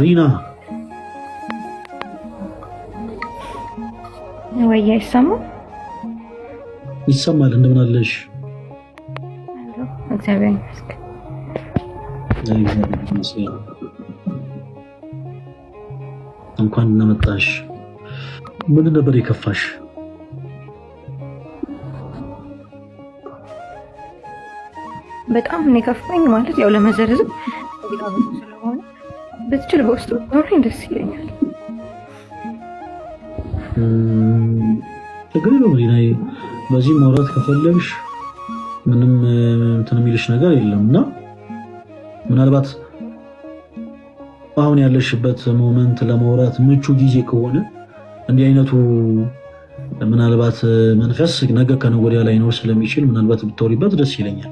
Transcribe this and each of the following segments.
ሪና ወይ አይሰማ ይሰማል። እንደምን አለሽ? እግዚአብሔር ይመስገን። እንኳን እናመጣሽ። ምን ነበር የከፋሽ? በጣም ነው የከፋኝ ማለት ያው ለመዘርዝም ብትችል በውስጡ ኖረኝ ደስ ይለኛል። ችግር የለውም ዜና፣ በዚህ ማውራት ከፈለግሽ ምንም እንትን የሚልሽ ነገር የለም እና ምናልባት አሁን ያለሽበት ሞመንት ለማውራት ምቹ ጊዜ ከሆነ እንዲህ አይነቱ ምናልባት መንፈስ ነገ ከነገ ወዲያ ላይ ኖር ስለሚችል ምናልባት ብታወሪበት ደስ ይለኛል።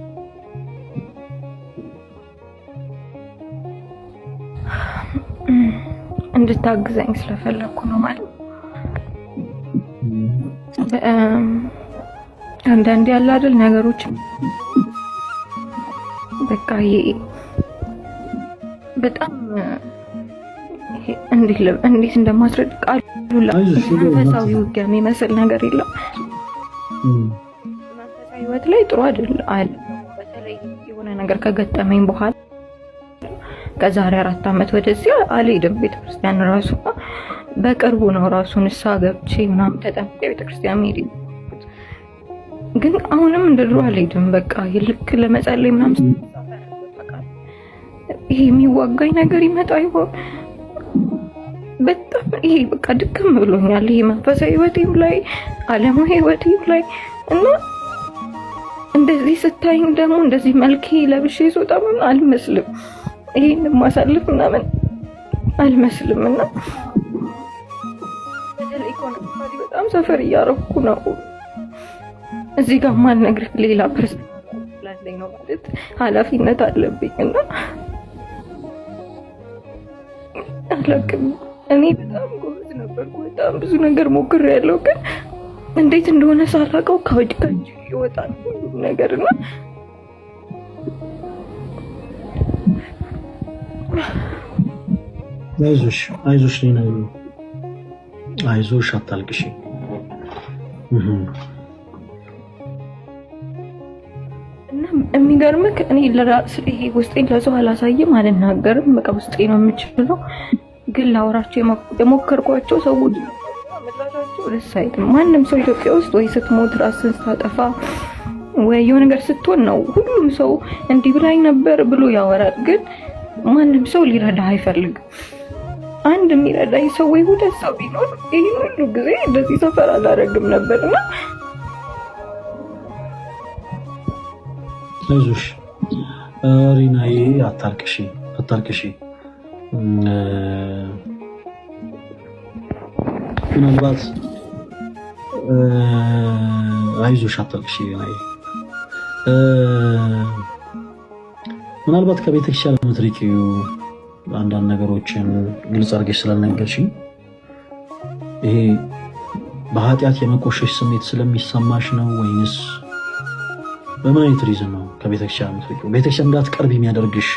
እንድታግዘኝ ስለፈለኩ ነው ማለት አንዳንዴ ያለ አይደል ነገሮች በቃ በጣም እንዴት እንደማስረድ ቃሉ መንፈሳዊ ውጊያ የሚመስል ነገር የለም። መንፈሳዊ ህይወት ላይ ጥሩ አለ። በተለይ የሆነ ነገር ከገጠመኝ በኋላ ከዛሬ አራት ዓመት ወደዚህ አልሄድም ቤተክርስቲያን ራሱ በቅርቡ ነው ራሱ ንስሐ ገብቼ ምናምን ተጠምቄ ቤተክርስቲያን ሄድ ግን አሁንም እንደድሮ አልሄድም። በቃ ልክ ለመጸለይ ምናምን ይሄ የሚዋጋኝ ነገር ይመጣ ይሆን በጣም ይሄ በቃ ድክም ብሎኛል። ይሄ መንፈሳዊ ህይወቴም ላይ አለማዊ ህይወቴም ላይ እና እንደዚህ ስታይኝ ደግሞ እንደዚህ መልኬ ለብሼ ስወጣ አልመስልም ይሄን ማሳልፍ ምናምን አልመስልም እና በጣም ሰፈር እያረኩ ነው። እዚህ ጋር ማልነግርህ ሌላ ፐርሰን ላለኝ ነው ማለት ኃላፊነት አለብኝ እና አላቅም። እኔ በጣም ጎበዝ ነበርኩ። በጣም ብዙ ነገር ያለው ግን እንዴት እንደሆነ ሳላውቀው ከወዲህ ከእጅ ይወጣል ሁሉም ነገር እና አይዞሽ አይዞሽ ሌና አይዞሽ፣ አታልቅሽ። የሚገርምህ እኔ ለራስ ይሄ ውስጤን ለሰው አላሳይም፣ አልናገርም። በቃ ውስጤ ነው የምችለው፣ ግን ላወራቸው የሞከርኳቸው ሰዎች ምላሻቸው ደስ አይልም። ማንም ሰው ኢትዮጵያ ውስጥ ወይ ስትሞት ራስን ስታጠፋ ወይ የሆነ ነገር ስትሆን ነው ሁሉም ሰው እንዲህ ብላኝ ነበር ብሎ ያወራል ግን ማንም ሰው ሊረዳ አይፈልግም። አንድ የሚረዳኝ ሰው ወይ ሁለት ሰው ቢኖር ይህ ሁሉ ጊዜ እንደዚህ ሰፈር አላደርግም ነበርና አይዞሽ ሪናዬ፣ አታልቅሺ አታልቅሺ። ምናልባት አይዞሽ አታልቅሺ ሪናዬ ምናልባት ከቤተክርስቲያን የምትርቂው አንዳንድ ነገሮችን ግልጽ አድርገሽ ስላልነገርሽኝ ይሄ በኃጢአት የመቆሸሽ ስሜት ስለሚሰማሽ ነው ወይንስ በምን አይነት ሪዝን ነው ከቤተክርስቲያን የምትርቂው? ቤተክርስቲያን እንዳትቀርቢ የሚያደርግሽ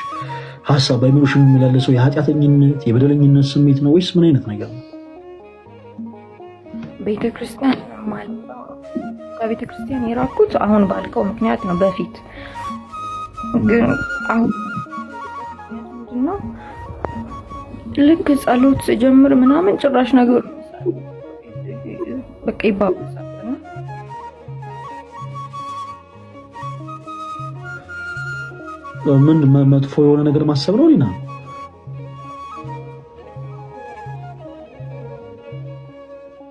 ሀሳብ በአእምሮሽ የሚመላለሰው የኃጢአተኝነት የበደለኝነት ስሜት ነው ወይስ ምን አይነት ነገር ነው? ቤተክርስቲያን ከቤተክርስቲያን የራኩት አሁን ባልከው ምክንያት ነው በፊት ግን አሁን ልክ ጸሎት ስጀምር ምናምን ጭራሽ ነገር በቃ ይባባሳል። ምን መጥፎ የሆነ ነገር ማሰብ ነው ሊና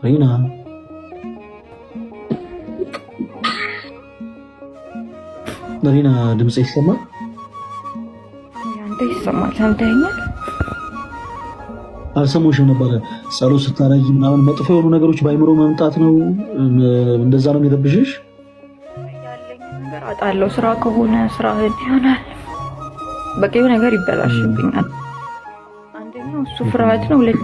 ሪና ለሪና ድምፅ ይሰማል? አንተ ይሰማል? ሰምተኸኛል? አልሰማሁሽም ነበረ። ጸሎት ስታረጊ ምናምን መጥፎ የሆኑ ነገሮች በአይምሮ መምጣት ነው። እንደዛ ነው የሚረብሽሽ? አጣለው ስራ ከሆነ ስራ ይሆናል። በቂ ነገር ይበላሽብኛል። አንደኛው እሱ ፍርሃት ነው። ሁለት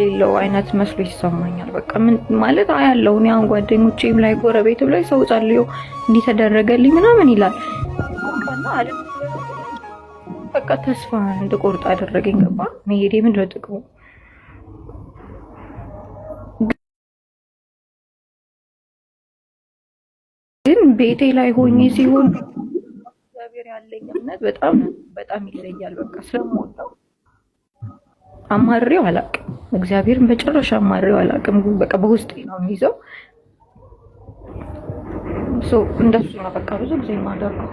የሌለው አይነት መስሎ ይሰማኛል። በቃ ምን ማለት አያለው እኔ አሁን ጓደኞቼም ላይ ጎረቤትም ላይ ሰው ጸልዮ እንዲተደረገልኝ ምናምን ይላል። በቃ ተስፋ እንድቆርጥ አደረገኝ። ገባ መሄዴ ምን ለጥቅሙ ግን ቤቴ ላይ ሆኜ ሲሆን እግዚአብሔር ያለኝ እምነት በጣም በጣም ይለያል። በቃ ስለምወጣው አማሬው አላውቅም። እግዚአብሔርን በጭራሽ አማሬው አላውቅም። በቃ በውስጤ ነው የሚይዘው። እንደሱ ነው በቃ ብዙ ጊዜ የማደርገው።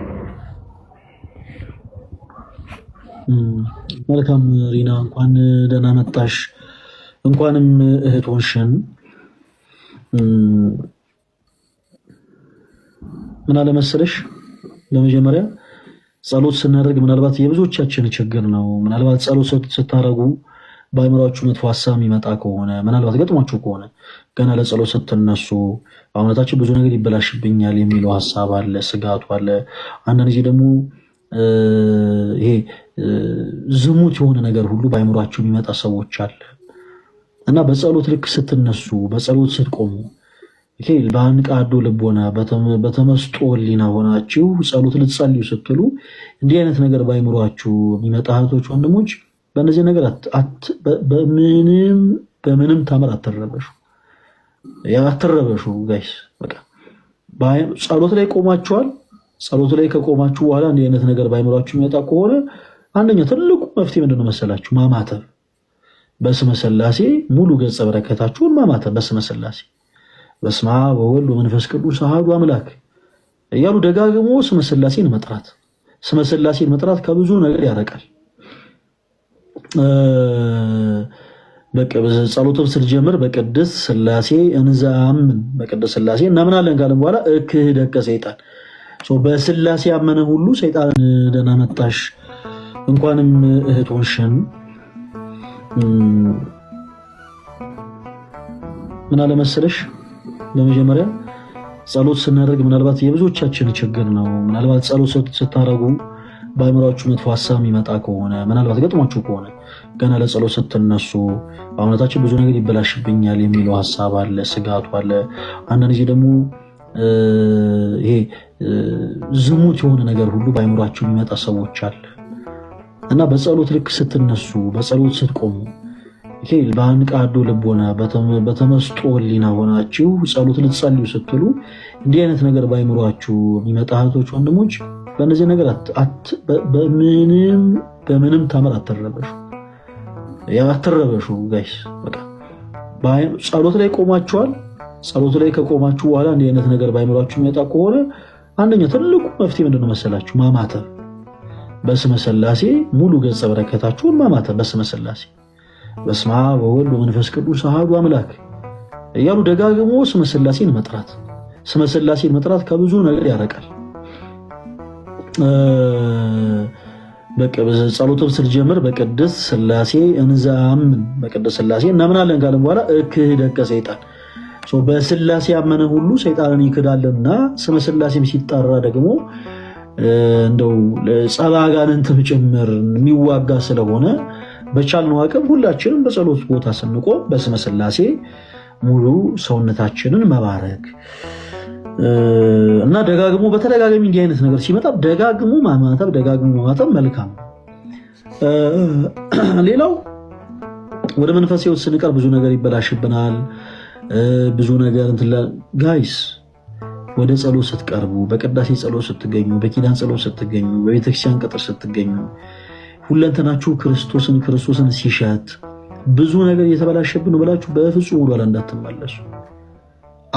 መልካም ሪና፣ እንኳን ደህና መጣሽ። እንኳንም እህቶንሽን ምን አለመሰለሽ በመጀመሪያ ጸሎት ስናደርግ ምናልባት የብዙዎቻችን ችግር ነው። ምናልባት ጸሎት ስታደርጉ በአእምሯችሁ መጥፎ ሀሳብ የሚመጣ ከሆነ ምናልባት ገጥሟችሁ ከሆነ ገና ለጸሎት ስትነሱ በእምነታችሁ ብዙ ነገር ይበላሽብኛል የሚለው ሀሳብ አለ፣ ስጋቱ አለ። አንዳንድ ጊዜ ደግሞ ይሄ ዝሙት የሆነ ነገር ሁሉ በአእምሯችሁ የሚመጣ ሰዎች አለ እና በጸሎት ልክ ስትነሱ፣ በጸሎት ስትቆሙ በአንቃዶ ልቦና በተመስጦ ሊና ሆናችሁ ጸሎት ልትጸልዩ ስትሉ እንዲህ አይነት ነገር በአእምሯችሁ የሚመጣ እህቶች፣ ወንድሞች በእነዚህ ነገር በምንም በምንም ታምር አትረበሹ፣ አትረበሹ ጋይስ። በቃ ጸሎት ላይ ቆማችኋል። ጸሎት ላይ ከቆማችሁ በኋላ እንዲህ አይነት ነገር ባይምሯችሁ የሚመጣ ከሆነ አንደኛ ትልቁ መፍትሄ ምንድን ነው መሰላችሁ? ማማተብ በስመ ሥላሴ ሙሉ ገጸ በረከታችሁን ማማተብ በስመ ሥላሴ በስመ አብ ወወልድ ወመንፈስ ቅዱስ አሐዱ አምላክ እያሉ ደጋግሞ ስመ ሥላሴን መጥራት ስመ ሥላሴን መጥራት ከብዙ ነገር ያረቃል። በቃ ስትጀምር ስንጀምር በቅድስ ስላሴ እንዛምን በቅድስ ስላሴ እናምናለን ካለን በኋላ እክህ ደቀ ሰይጣን በስላሴ ያመነ ሁሉ ሰይጣን ደህና መጣሽ፣ እንኳንም እህት ሆንሽን ምን አለመሰለሽ፣ በመጀመሪያ ጸሎት ስናደርግ ምናልባት የብዙዎቻችን ችግር ነው። ምናልባት ጸሎት ስታደርጉ በአእምሯችሁ መጥፎ ሀሳብ የሚመጣ ከሆነ ምናልባት ገጥሟችሁ ከሆነ ገና ለጸሎት ስትነሱ በእምነታችን ብዙ ነገር ይበላሽብኛል የሚለው ሀሳብ አለ፣ ስጋቱ አለ። አንዳንድ ጊዜ ደግሞ ይሄ ዝሙት የሆነ ነገር ሁሉ በአእምሯችሁ የሚመጣ ሰዎች አለ እና በጸሎት ልክ ስትነሱ፣ በጸሎት ስትቆሙ በአንቃዶ ልቦና በተመስጦ ሕሊና ሆናችሁ ጸሎት ልትጸልዩ ስትሉ እንዲህ አይነት ነገር በአእምሯችሁ የሚመጣ እህቶች፣ ወንድሞች በእነዚህ ነገር በምንም በምንም ታምር አትረበሹ፣ ያው አትረበሹ ጋይስ። በቃ ጸሎት ላይ ቆማችኋል። ጸሎት ላይ ከቆማችሁ በኋላ እንዲህ አይነት ነገር ባይምሯችሁ የሚመጣ ከሆነ አንደኛ ትልቁ መፍትሄ ምንድን ነው መሰላችሁ? ማማተብ በስመ ሥላሴ ሙሉ ገጸ በረከታችሁን ማማተብ በስመ ሥላሴ በስመ አብ ቅዱስ አሐዱ አምላክ እያሉ ደጋግሞ ስመ ሥላሴን መጥራት ስመ ሥላሴን መጥራት ከብዙ ነገር ያረቃል። ጸሎተ ብስል ጀምር በቅድስ ስላሴ እንዛምን በቅድስ ስላሴ እናምናለን ካለም በኋላ እክህ ደቀ ሰይጣን በስላሴ ያመነ ሁሉ ሰይጣንን ይክዳልና ስመ ስላሴም ሲጠራ ደግሞ እንደው ጸባ አጋንንትም ጭምር የሚዋጋ ስለሆነ በቻልነው አቅም ሁላችንም በጸሎት ቦታ ስንቆም በስመ ስላሴ ሙሉ ሰውነታችንን መባረክ እና ደጋግሞ በተደጋጋሚ እንዲህ አይነት ነገር ሲመጣ ደጋግሞ ማማተብ ደጋግሞ ማማተብ መልካም። ሌላው ወደ መንፈስ ውስጥ ስንቀር ብዙ ነገር ይበላሽብናል። ብዙ ነገር እንትለ ጋይስ ወደ ጸሎት ስትቀርቡ፣ በቅዳሴ ጸሎት ስትገኙ፣ በኪዳን ጸሎት ስትገኙ፣ በቤተክርስቲያን ቅጥር ስትገኙ ሁለንተናችሁ ክርስቶስን ክርስቶስን ሲሸት ብዙ ነገር እየተበላሸብን ብላችሁ በፍጹም ወደኋላ እንዳትመለሱ።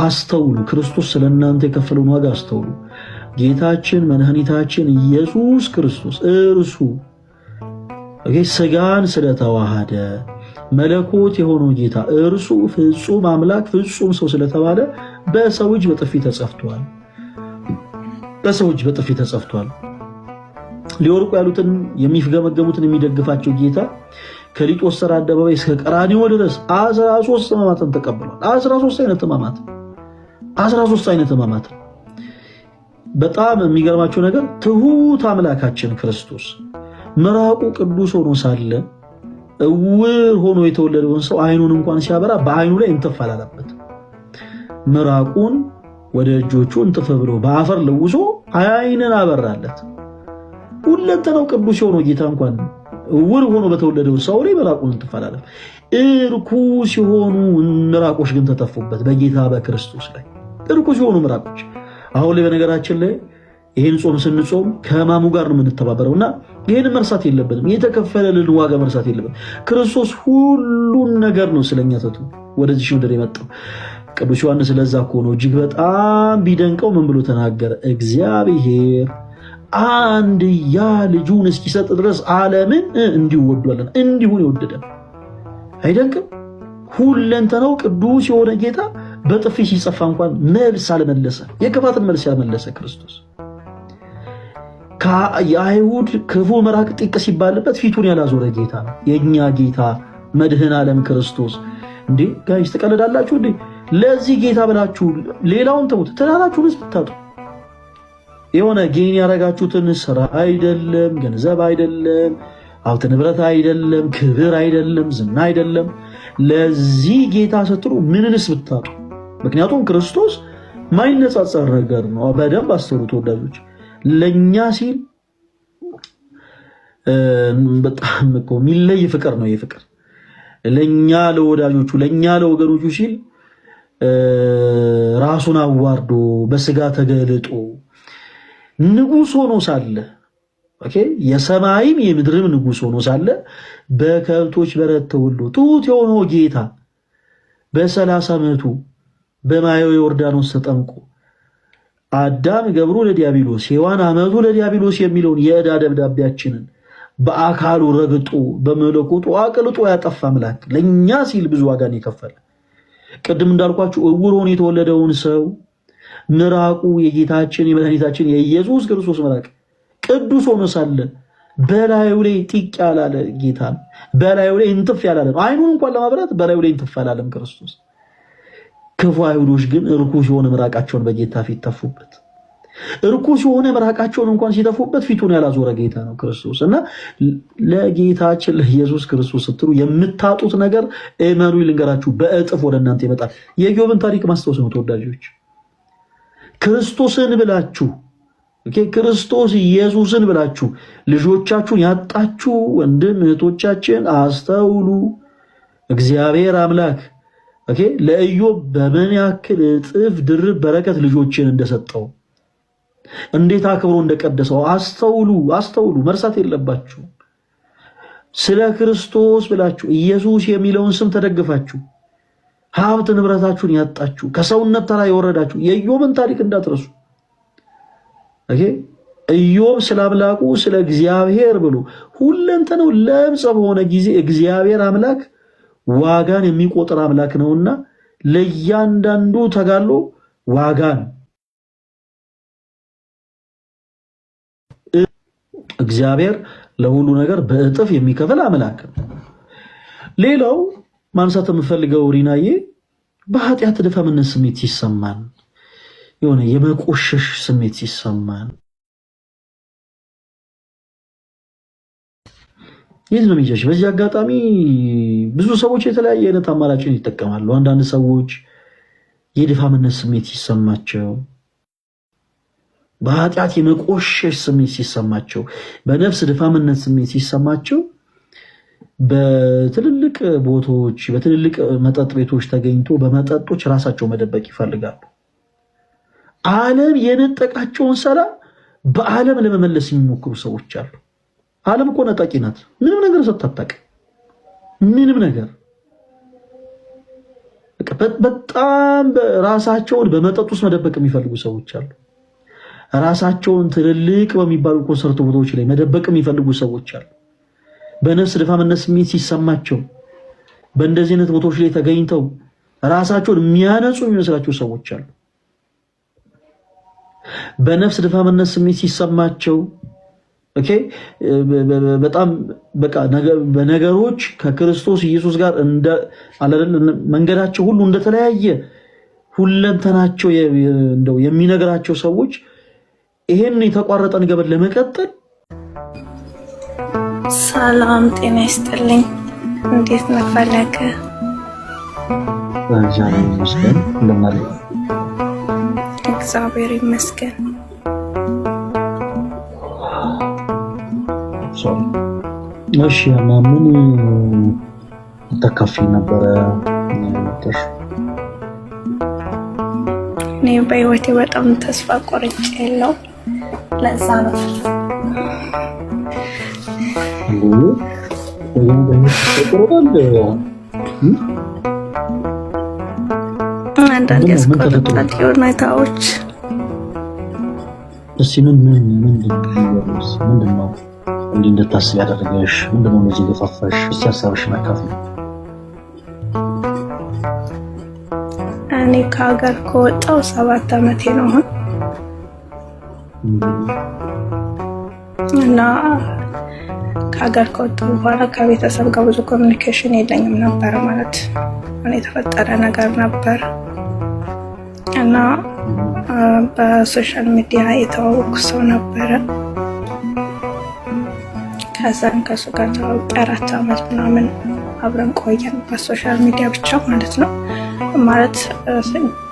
አስተውሉ። ክርስቶስ ስለ እናንተ የከፈለውን ዋጋ አስተውሉ። ጌታችን መድኃኒታችን ኢየሱስ ክርስቶስ እርሱ ስጋን ስለተዋሃደ መለኮት የሆነው ጌታ እርሱ ፍጹም አምላክ ፍጹም ሰው ስለተባለ በሰው እጅ በጥፊ ተጸፍቷል። በሰው እጅ በጥፊ ተጸፍቷል። ሊወርቁ ያሉትን የሚገመገሙትን የሚደግፋቸው ጌታ ከሊጦስ ሥራ አደባባይ እስከ ቀራንዮ ድረስ 13 ሕማማትን ተቀብሏል። 13 አይነት ሕማማት አስራ ሶስት አይነት ህማማት ነው። በጣም የሚገርማቸው ነገር ትሁት አምላካችን ክርስቶስ ምራቁ ቅዱስ ሆኖ ሳለ እውር ሆኖ የተወለደውን ሰው አይኑን እንኳን ሲያበራ በአይኑ ላይ እንትፍ አላለበት። ምራቁን ወደ እጆቹ እንትፍ ብሎ በአፈር ለውሶ አይንን አበራለት። ሁለንተናው ቅዱስ የሆነው ጌታ እንኳን እውር ሆኖ በተወለደው ሰው ላይ ምራቁን እንትፍ አላለበት። እርኩስ ሲሆኑ ምራቆች ግን ተተፉበት በጌታ በክርስቶስ ላይ ሩቁ ሲሆኑ ምራቆች አሁን ላይ በነገራችን ላይ ይህን ጾም ስንጾም ከህማሙ ጋር ነው የምንተባበረው እና ይህን መርሳት የለብንም። የተከፈለልን ዋጋ መርሳት የለብንም። ክርስቶስ ሁሉን ነገር ነው ስለኛ ተቱ ወደዚህ ምድር የመጣው። ቅዱስ ዮሐንስ ስለዛ እኮ ነው እጅግ በጣም ቢደንቀው ምን ብሎ ተናገረ? እግዚአብሔር አንድያ ልጁን እስኪሰጥ ድረስ ዓለምን እንዲሁ ወዷለን፣ እንዲሁን ይወደዳል። አይደንቅም? ሁለንተናው ቅዱስ የሆነ ጌታ በጥፊ ሲጸፋ እንኳን መልስ አልመለሰ። የክፋትን መልስ ያመለሰ ክርስቶስ የአይሁድ ክፉ መራቅ ጥቅ ሲባልበት ፊቱን ያላዞረ ጌታ ነው የእኛ ጌታ መድህን ዓለም ክርስቶስ። እንዴ ጋይስ ትቀልዳላችሁ እንዴ? ለዚህ ጌታ ብላችሁ ሌላውን ተውት። ትዳራችሁንስ ብታጡ የሆነ ጌን ያደረጋችሁትን ስራ አይደለም፣ ገንዘብ አይደለም፣ ሀብት ንብረት አይደለም፣ ክብር አይደለም፣ ዝና አይደለም። ለዚህ ጌታ ስትሉ ምንንስ ብታጡ ምክንያቱም ክርስቶስ ማይነጻጸር ነገር ነው። በደንብ አስሩ ተወዳጆች። ለእኛ ሲል በጣም እኮ የሚለይ ፍቅር ነው። ይህ ፍቅር ለእኛ ለወዳጆቹ፣ ለእኛ ለወገኖቹ ሲል ራሱን አዋርዶ በስጋ ተገልጦ ንጉሥ ሆኖ ሳለ የሰማይም የምድርም ንጉሥ ሆኖ ሳለ በከብቶች በረት ተወልዶ ትሑት የሆነው ጌታ በሰላሳ ዓመቱ በማየው ዮርዳኖስ ተጠምቁ አዳም ገብሩ ለዲያብሎስ ሔዋን አመቱ ለዲያብሎስ የሚለውን የዕዳ ደብዳቤያችንን በአካሉ ረግጦ በመለኮቱ አቅልጦ ያጠፋ አምላክ ለእኛ ሲል ብዙ ዋጋን የከፈለ ቅድም እንዳልኳችሁ እውሮን የተወለደውን ሰው ምራቁ የጌታችን የመድኃኒታችን የኢየሱስ ክርስቶስ ምራቅ ቅዱስ ሆኖ ሳለ በላዩ ላይ ጢቅ ያላለ ጌታ በላዩ ላይ እንትፍ ያላለ ነው። አይኑን እንኳን ለማብራት በላዩ ላይ እንትፍ ያላለም ክርስቶስ ክፉ አይሁዶች ግን እርኩስ የሆነ ምራቃቸውን በጌታ ፊት ተፉበት። እርኩስ የሆነ ምራቃቸውን እንኳን ሲተፉበት ፊቱን ያላዞረ ጌታ ነው ክርስቶስ እና ለጌታችን ለኢየሱስ ክርስቶስ ስትሉ የምታጡት ነገር እመኑ ልንገራችሁ፣ በእጥፍ ወደ እናንተ ይመጣል። የኢዮብን ታሪክ ማስታወስ ነው ተወዳጆች። ክርስቶስን ብላችሁ ክርስቶስ ኢየሱስን ብላችሁ ልጆቻችሁን ያጣችሁ ወንድም እህቶቻችን አስተውሉ። እግዚአብሔር አምላክ ኦኬ ለኢዮብ በምን ያክል እጥፍ ድርብ በረከት ልጆችን እንደሰጠው እንዴት አክብሮ እንደቀደሰው አስተውሉ፣ አስተውሉ። መርሳት የለባችሁ። ስለ ክርስቶስ ብላችሁ ኢየሱስ የሚለውን ስም ተደግፋችሁ ሀብት ንብረታችሁን ያጣችሁ ከሰውነት ተራ የወረዳችሁ የኢዮብን ታሪክ እንዳትረሱ። ኦኬ ኢዮብ ስለ አምላኩ ስለ እግዚአብሔር ብሎ ሁለንተነው ለምጽ በሆነ ጊዜ እግዚአብሔር አምላክ ዋጋን የሚቆጥር አምላክ ነውና ለእያንዳንዱ ተጋሎ ዋጋን እግዚአብሔር ለሁሉ ነገር በእጥፍ የሚከፍል አምላክ ነው። ሌላው ማንሳት የምፈልገው ሪናዬ በኃጢአት ድፈምነት ስሜት ሲሰማን፣ የሆነ የመቆሸሽ ስሜት ሲሰማን የህዝብ ሚዲያዎች በዚህ አጋጣሚ ብዙ ሰዎች የተለያየ አይነት አማራጭን ይጠቀማሉ። አንዳንድ ሰዎች የድፋምነት ስሜት ሲሰማቸው፣ በኃጢአት የመቆሸሽ ስሜት ሲሰማቸው፣ በነፍስ ድፋምነት ስሜት ሲሰማቸው በትልልቅ ቦታዎች በትልልቅ መጠጥ ቤቶች ተገኝቶ በመጠጦች ራሳቸው መደበቅ ይፈልጋሉ። ዓለም የነጠቃቸውን ሰላም በዓለም ለመመለስ የሚሞክሩ ሰዎች አሉ። ዓለም እኮ ነጣቂ ናት። ምንም ነገር ሰታጣቅ ምንም ነገር በጣም ራሳቸውን በመጠጥ ውስጥ መደበቅ የሚፈልጉ ሰዎች አሉ። ራሳቸውን ትልልቅ በሚባሉ ኮንሰርት ቦታዎች ላይ መደበቅ የሚፈልጉ ሰዎች አሉ። በነፍስ ድፋምነት ስሜት ሲሰማቸው በእንደዚህ አይነት ቦታዎች ላይ ተገኝተው ራሳቸውን የሚያነጹ የሚመስላቸው ሰዎች አሉ። በነፍስ ድፋምነት ስሜት ሲሰማቸው በጣም በቃ በነገሮች ከክርስቶስ ኢየሱስ ጋር መንገዳቸው ሁሉ እንደተለያየ ሁለንተናቸው እንደው የሚነግራቸው ሰዎች ይሄን የተቋረጠን ገበድ ለመቀጠል ሰላም ጤና ይስጥልኝ። እንዴት ነፈለገ እግዚአብሔር ይመስገን። እሺ ማምን ተካፊ ነበረ ነበር። እኔ በህይወቴ በጣም ተስፋ ቆርጬ የለው ለዛ ነው አንዳንድ ያስቆርጣል ሁኔታዎች። እስኪ ምን ምን ምንድን ነው እንዲህ እንድታስብ ያደረገሽ ምንድን ነው? እንደዚህ ገፋፋሽ? እስኪ መካፍ ነው። እኔ ከሀገር ከወጣው ሰባት ዓመቴ ነው አሁን እና ከሀገር ከወጣሁ በኋላ ከቤተሰብ ጋር ብዙ ኮሚኒኬሽን የለኝም ነበር ማለት የተፈጠረ ነገር ነበር እና በሶሻል ሚዲያ የተዋወቅኩ ሰው ነበረ ከዛም ከሱ ጋር ተዋውቅ አራት ዓመት ምናምን አብረን ቆየን። በሶሻል ሚዲያ ብቻ ማለት ነው። ማለት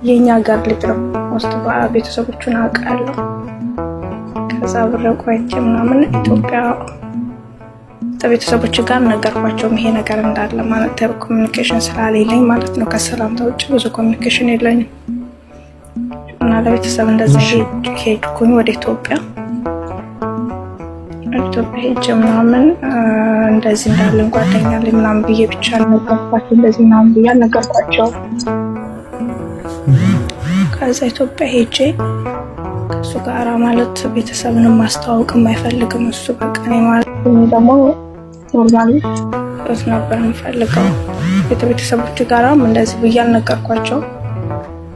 የእኛ ጋር ልጅ ነው ውስጥ ቤተሰቦቹን አውቃለሁ። ከዛ ብረ ቆይቼ ምናምን ኢትዮጵያ ቤተሰቦች ጋር ነገርኳቸው፣ ይሄ ነገር እንዳለ ማለት ኮሚኒኬሽን ስላሌለኝ ማለት ነው። ከሰላምታ ውጭ ብዙ ኮሚኒኬሽን የለኝም እና ለቤተሰብ እንደዚህ ሄድኩኝ ወደ ኢትዮጵያ ኢትዮጵያ ሄጄ ምናምን እንደዚህ እንዳለን ጓደኛ ላይ ምናምን ብዬ ብቻ አልነገርኳቸው፣ እንደዚህ ምናምን ብዬ አልነገርኳቸው። ከዛ ኢትዮጵያ ሄጄ ከእሱ ጋራ ማለት ቤተሰብንም ማስተዋወቅም አይፈልግም እሱ በቃ ማለት ደግሞ ኖርማል እት ነበር የምፈልገው። ቤተቤተሰቦች ጋራም እንደዚህ ብዬ አልነገርኳቸው።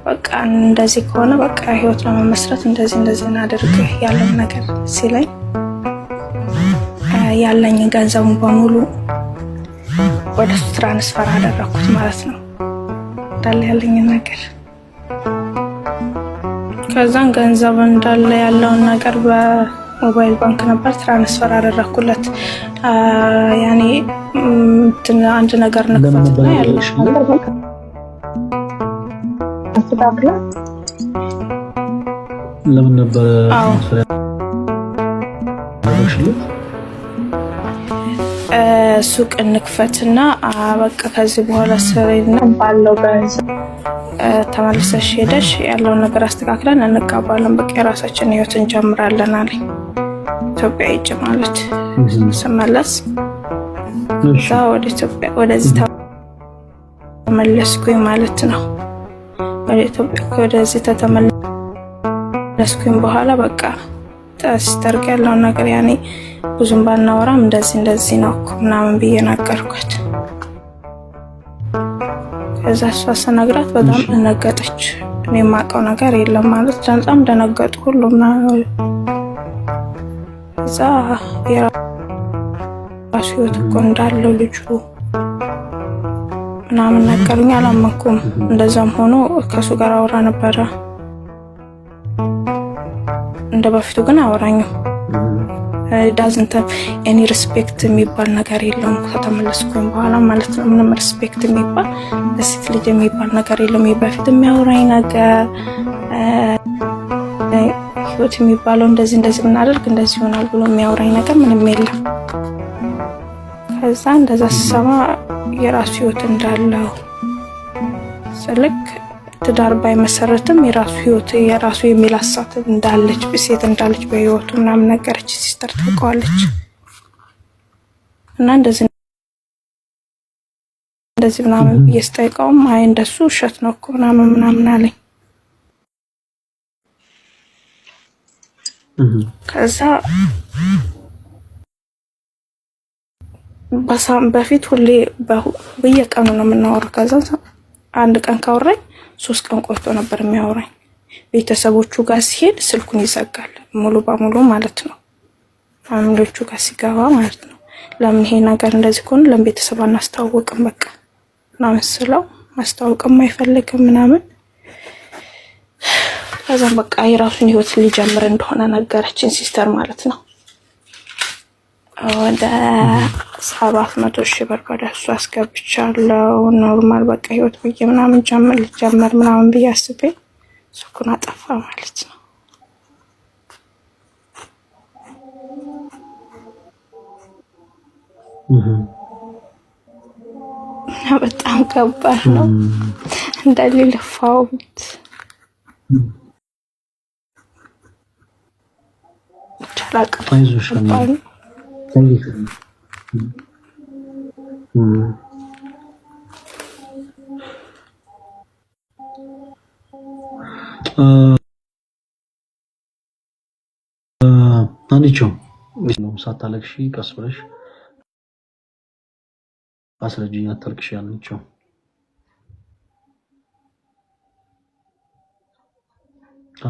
በቃ እንደዚህ ከሆነ በቃ ህይወት ለመመስረት እንደዚህ እንደዚህ እናድርግ ያለን ነገር ሲለኝ ያለኝ ገንዘቡን በሙሉ ወደ ወደሱ ትራንስፈር አደረግኩት ማለት ነው። እንዳለ ያለኝን ነገር ከዛን ገንዘብ እንዳለ ያለውን ነገር በሞባይል ባንክ ነበር ትራንስፈር አደረግኩለት። ያኔ አንድ ነገር ንክፈት ነው ያለ ለምን ነበረ ትራንስፈር ሱቅ እንክፈትና በቃ ከዚህ በኋላ ስሬና ባለው ገንዘብ ተመልሰሽ ሄደሽ ያለውን ነገር አስተካክለን እንጋባለን፣ በቃ የራሳችን ህይወት እንጀምራለን አለ። ኢትዮጵያ ሂጅ ማለት ስመለስ እዛ ወደ ኢትዮጵያ ወደዚህ ተመለስኩኝ ማለት ነው። ወደ ኢትዮጵያ ወደዚህ ተተመለስኩኝ በኋላ በቃ ተስተርቅ ያለውን ነገር ያኔ ብዙም ባናወራም እንደዚህ እንደዚህ ነው እኮ ምናምን ብዬ ነገርኳት። ከዛ እሷ ስነግራት በጣም ደነገጠች። እኔ የማውቀው ነገር የለም ማለት በጣም ደነገጡ ሁሉም። እዛ የራሱ ህይወት እኮ እንዳለው ልጁ ምናምን ነገሩኝ። አላመንኩም። እንደዛም ሆኖ ከሱ ጋር አውራ ነበረ። እንደ በፊቱ ግን አወራኝም ዳዝንተም ኤኒ ሪስፔክት የሚባል ነገር የለውም። ከተመለስኩኝ በኋላ ማለት ነው ምንም ሪስፔክት የሚባል በሴት ልጅ የሚባል ነገር የለውም። በፊት የሚያወራኝ ነገር ህይወት የሚባለው እንደዚህ እንደዚህ ብናደርግ እንደዚህ ይሆናል ብሎ የሚያወራኝ ነገር ምንም የለም። ከዛ እንደዛ ስሰማ የራሱ ህይወት እንዳለው ስልክ ትዳር ባይመሰረትም የራሱ ህይወት የራሱ የሚል አሳት እንዳለች ሴት እንዳለች በህይወቱ ምናምን ነገረች። ሲስተር ታውቀዋለች እና እንደዚህ እንደዚህ ምናምን ብዬ ስጠይቀውም አይ እንደሱ ውሸት ነው እኮ ምናምን ምናምን አለኝ። ከዛ በፊት ሁሌ በየቀኑ ነው የምናወራው። ከዛ አንድ ቀን ካወራኝ ሶስት ቀን ቆይቶ ነበር የሚያወራኝ። ቤተሰቦቹ ጋር ሲሄድ ስልኩን ይዘጋል ሙሉ በሙሉ ማለት ነው። ፋሚሊዎቹ ጋር ሲገባ ማለት ነው። ለምን ይሄ ነገር እንደዚህ ከሆነ ለምን ቤተሰብ አናስተዋወቅም? በቃ ምናምን ስለው ማስተዋወቅም አይፈልግም ምናምን። ከዛም በቃ የራሱን ህይወት ሊጀምር እንደሆነ ነገረችን ሲስተር ማለት ነው። ወደ ሰባት መቶ ሺህ ብር ወደ እሱ አስገብቻለሁ። ኖርማል በቃ ህይወት ብዬ ምናምን ጀምር ልጀምር ምናምን ብዬ አስቤ ሱኩን አጠፋ ማለት ነው። እና በጣም ከባድ ነው እንዳልለፋውት ነው። Sen geç oraya. Ha. Aa, አንችም ነው ሳታለቅሺ ቀስ ብለሽ አስረጅኝ፣ አታልቅሺ ያልንቸው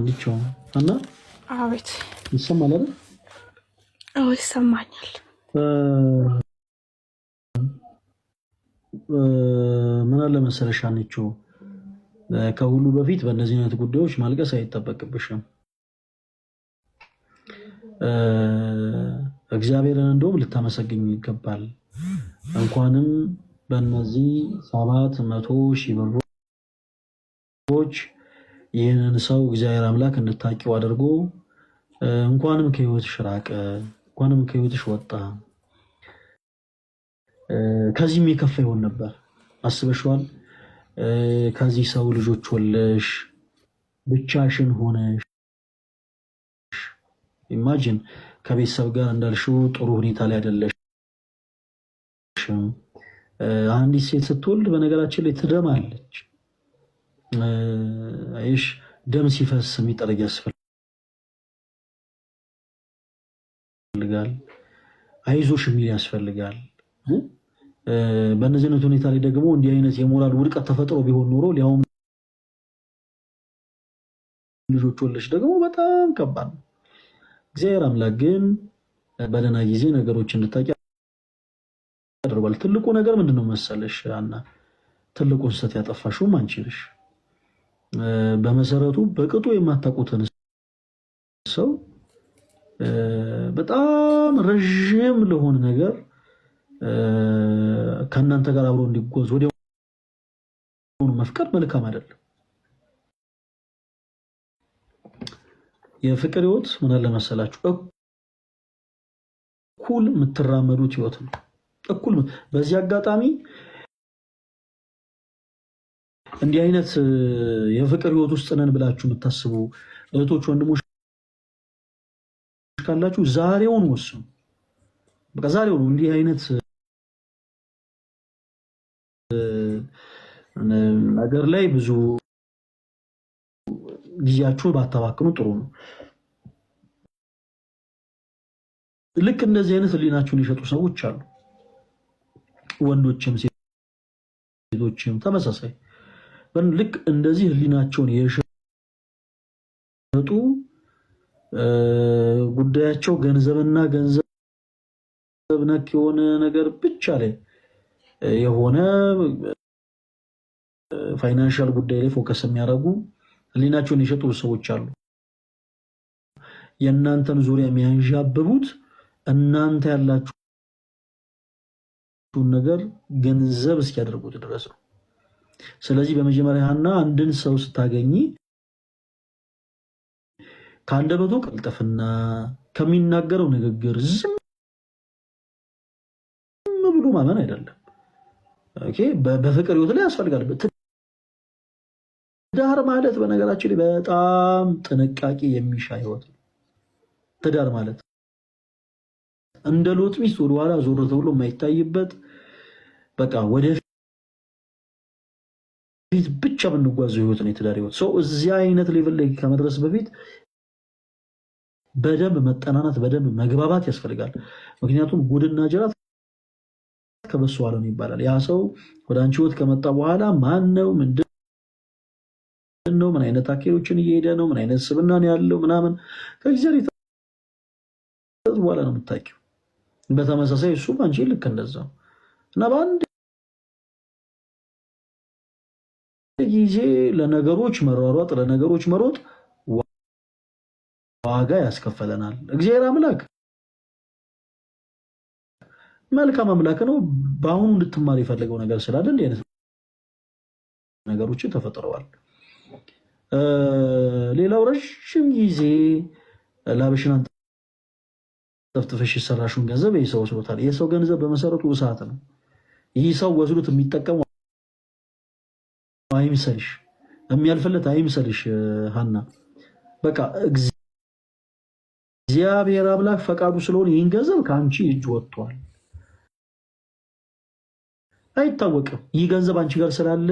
አንቸው እና አቤት ይሰማል አይደል? አዎ ይሰማኛል። ምን አለ መሰለሽ አንቺ ከሁሉ በፊት በእነዚህ አይነት ጉዳዮች ማልቀስ አይጠበቅብሽም። እግዚአብሔርን እንደውም ልታመሰግኝ ይገባል። እንኳንም በእነዚህ ሰባት መቶ ሺህ ብሮች ይህንን ሰው እግዚአብሔር አምላክ እንድታቂው አድርጎ እንኳንም ከህይወት ራቀ። እንኳንም ከህይወትሽ ወጣ። ከዚህም የከፋ ይሆን ነበር አስበሽዋል? ከዚህ ሰው ልጆች ወለሽ ብቻሽን ሆነሽ ኢማጂን ከቤተሰብ ጋር እንዳልሽው ጥሩ ሁኔታ ላይ አይደለሽም። አንዲት ሴት ስትወልድ በነገራችን ላይ ትደማለች። ይሽ ደም ሲፈስ የሚጠረግ አይዞሽ የሚል ያስፈልጋል። በእነዚህ አይነት ሁኔታ ላይ ደግሞ እንዲህ አይነት የሞራል ውድቀት ተፈጥሮ ቢሆን ኖሮ ሊያውም ልጆች ወለሽ ደግሞ በጣም ከባድ ነው። እግዚአብሔር አምላክ ግን በደህና ጊዜ ነገሮች እንድታቂ ያደርጓል። ትልቁ ነገር ምንድን ነው መሰለሽ እና ትልቁን ስህተት ያጠፋሽውም አንቺ ነሽ። በመሰረቱ በቅጡ የማታውቁትን ሰው በጣም ረዥም ለሆነ ነገር ከእናንተ ጋር አብሮ እንዲጓዝ ወዲያውኑ መፍቀድ መልካም አይደለም። የፍቅር ህይወት ምን አለ መሰላችሁ እኩል የምትራመዱት ህይወት ነው። እኩል በዚህ አጋጣሚ እንዲህ አይነት የፍቅር ህይወት ውስጥ ነን ብላችሁ የምታስቡ እህቶች ወንድሞች ካላችሁ ዛሬውን ወስኑ። በቃ ዛሬው ነው እንዲህ አይነት ነገር ላይ ብዙ ጊዜያችሁን ባታባክኑ ጥሩ ነው። ልክ እንደዚህ አይነት ህሊናችሁን የሸጡ ሰዎች አሉ። ወንዶችም ሴቶችም ተመሳሳይ ልክ እንደዚህ ህሊናቸውን የሸጡ ጉዳያቸው ገንዘብና ገንዘብ ነክ የሆነ ነገር ብቻ ላይ የሆነ ፋይናንሻል ጉዳይ ላይ ፎከስ የሚያደርጉ ህሊናቸውን የሸጡ ሰዎች አሉ። የእናንተን ዙሪያ የሚያንዣብቡት እናንተ ያላችሁን ነገር ገንዘብ እስኪያደርጉት ድረስ ነው። ስለዚህ በመጀመሪያ አንድን ሰው ስታገኚ ከአንደበቱ ቅልጥፍና ከሚናገረው ንግግር ዝም ብሎ ማመን አይደለም። በፍቅር ህይወት ላይ ያስፈልጋል። ትዳር ማለት በነገራችን ላይ በጣም ጥንቃቄ የሚሻ ህይወት ነው። ትዳር ማለት እንደ ሎጥ ሚስት ወደኋላ ዞር ተብሎ የማይታይበት በቃ ወደፊት ብቻ የምንጓዘው ህይወት ነው የትዳር ህይወት። ሰው እዚያ አይነት ሌቭል ላይ ከመድረስ በፊት በደንብ መጠናናት፣ በደንብ መግባባት ያስፈልጋል። ምክንያቱም ጉድና ጅራት ከበሱ ይባላል። ያ ሰው ወደ አንቺ ህይወት ከመጣ በኋላ ማን ነው? ምንድን ነው? ምን አይነት አካሄዶችን እየሄደ ነው? ምን አይነት ስብና ነው ያለው? ምናምን ከጊዜ በኋላ ነው የምታውቂው። በተመሳሳይ እሱም አንቺ ልክ እንደዛው እና በአንድ ጊዜ ለነገሮች መሯሯጥ፣ ለነገሮች መሮጥ ዋጋ ያስከፈለናል። እግዚአብሔር አምላክ መልካም አምላክ ነው። በአሁኑ እንድትማር የፈለገው ነገር ስላለ እንዲህ አይነት ነገሮችን ተፈጥረዋል። ሌላው ረዥም ጊዜ ላብሽን ጠፍጥፈሽ የሰራሽውን ገንዘብ የሰው ወስዶታል። የሰው ገንዘብ በመሰረቱ እሳት ነው። ይህ ሰው ወስዶት የሚጠቀመው አይምሰልሽ፣ የሚያልፍለት አይምሰልሽ ሀና በቃ እግዚአብሔር አምላክ ፈቃዱ ስለሆነ ይህን ገንዘብ ከአንቺ እጅ ወጥቷል። አይታወቅም። ይህ ገንዘብ አንቺ ጋር ስላለ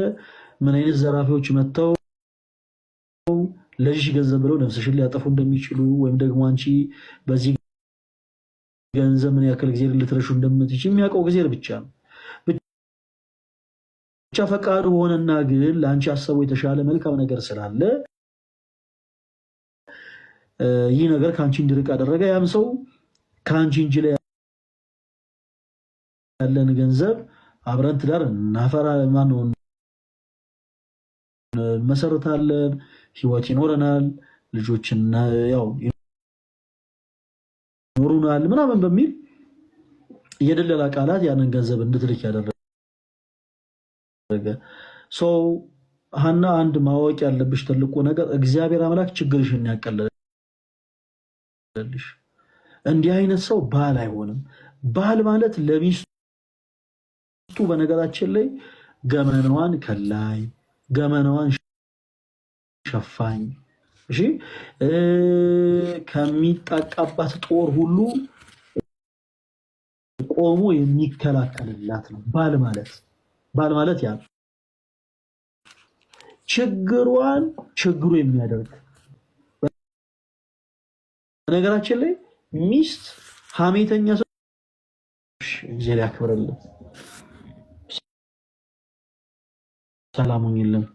ምን አይነት ዘራፊዎች መጥተው ለዚህ ገንዘብ ብለው ነፍስሽን ሊያጠፉ እንደሚችሉ ወይም ደግሞ አንቺ በዚህ ገንዘብ ምን ያክል ጊዜ ልትረሹ እንደምትች የሚያውቀው ጊዜ ብቻ ነው። ብቻ ፈቃዱ ሆነና ግን ለአንቺ አሰቡ የተሻለ መልካም ነገር ስላለ ይህ ነገር ከአንቺ እንዲርቅ አደረገ። ያም ሰው ከአንቺ እንጂ ላይ ያለን ገንዘብ አብረን ትዳር እናፈራ ማነው መሰረታለን፣ ህይወት ይኖረናል፣ ልጆችን ያው ይኖሩናል ምናምን በሚል የደለላ ቃላት ያንን ገንዘብ እንድትልክ ያደረገ ሰው ሀና፣ አንድ ማወቅ ያለብሽ ትልቁ ነገር እግዚአብሔር አምላክ ችግርሽን ያቀለለ ይወለድልሽ። እንዲህ አይነት ሰው ባል አይሆንም። ባል ማለት ለሚስቱ በነገራችን ላይ ገመናዋን ከላይ ገመናዋን ሸፋኝ እሺ፣ ከሚጣቃባት ጦር ሁሉ ቆሞ የሚከላከልላት ነው ባል ማለት። ባል ማለት ያ ችግሯን ችግሩ የሚያደርግ በነገራችን ላይ ሚስት ሀሜተኛ ሰው እግዚአብሔር ያክብርልን። ሰላሙን የለም